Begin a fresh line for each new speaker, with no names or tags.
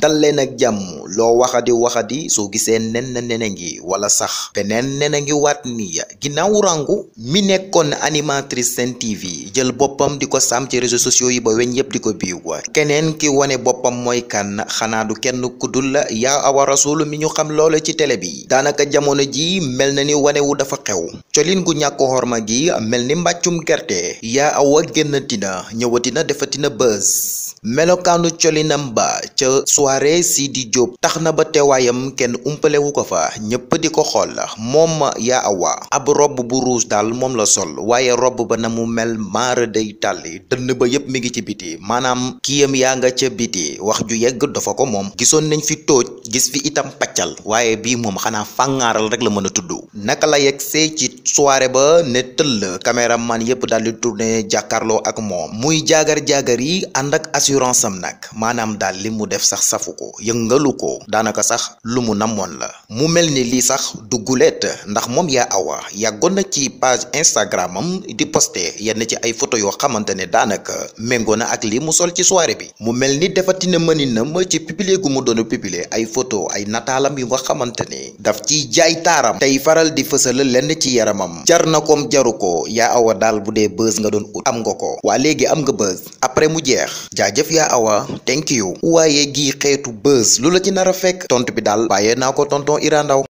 dal leen ak jàmm loo waxadi waxadi soo gisee nen na nene ngi wala sax beneen nene ngi waat ni ginnaaw rangu mi nekkoon animatrice Sen TV jël boppam di ko sàmm ci réseaux sociaux yi ba weñ yëpp di ko biiw keneen ki wane boppam mooy kan xanaa du kenn kuddul la yaa awa rasul mi ñu xam loola ci tele bi daanaka jamono ji mel na ni wanewu dafa xew colin gu ñàkk ma gi mel ni mbàccum gerte yaa awa génnatina ñëwatina defatina bës melokaanu colinam ba ca soirée Sidi jóob tax na ba teewaayam kenn umpalewu ko fa ñëpp di ko xool moom yaa awa ab robb bu rouge daal moom la sol waaye robb ba na mu mel maara day tàlli dënn ba yépp mi ngi ci biti maanaam kiyam yaa nga ca biti wax ju yegg dafa ko moom gisoon nañ fi tooj gis fi itam paccal waaye bii moom xanaa fàngaaral rek la mën tudd naka la yegg sey ci soirée ba ne tëll man yépp daal di tourné jàkkaarloo ak moom muy jaagar jaagar yi assurance am nag maanaam daal li mu def sax safu ko yëngalu ko daanaka sax lu mu namoon la mu mel ni lii sax du guleet ndax moom yaa awa yàggoon na ci page Instagram am di poste yenn ci ay photo yoo xamante ne daanaka méngoo na ak lii mu sol ci soirée bi mu mel ni defatina mëninam ci publier gu mu doon publier ay photo ay nataalam yu nga xamante ne daf ciy jaay taaram tey faral di fësal lenn ci yaramam jar na koom jaru ko yaa awa daal bu dee buzz nga doon ut am nga ko waa léegi am nga buzz après mu jeex jaajëf ya awa thank you waaye gi xeetu buzz lu la ci nara fekk tontu bi daal bàyyee naa ko tonton Ira Ndaw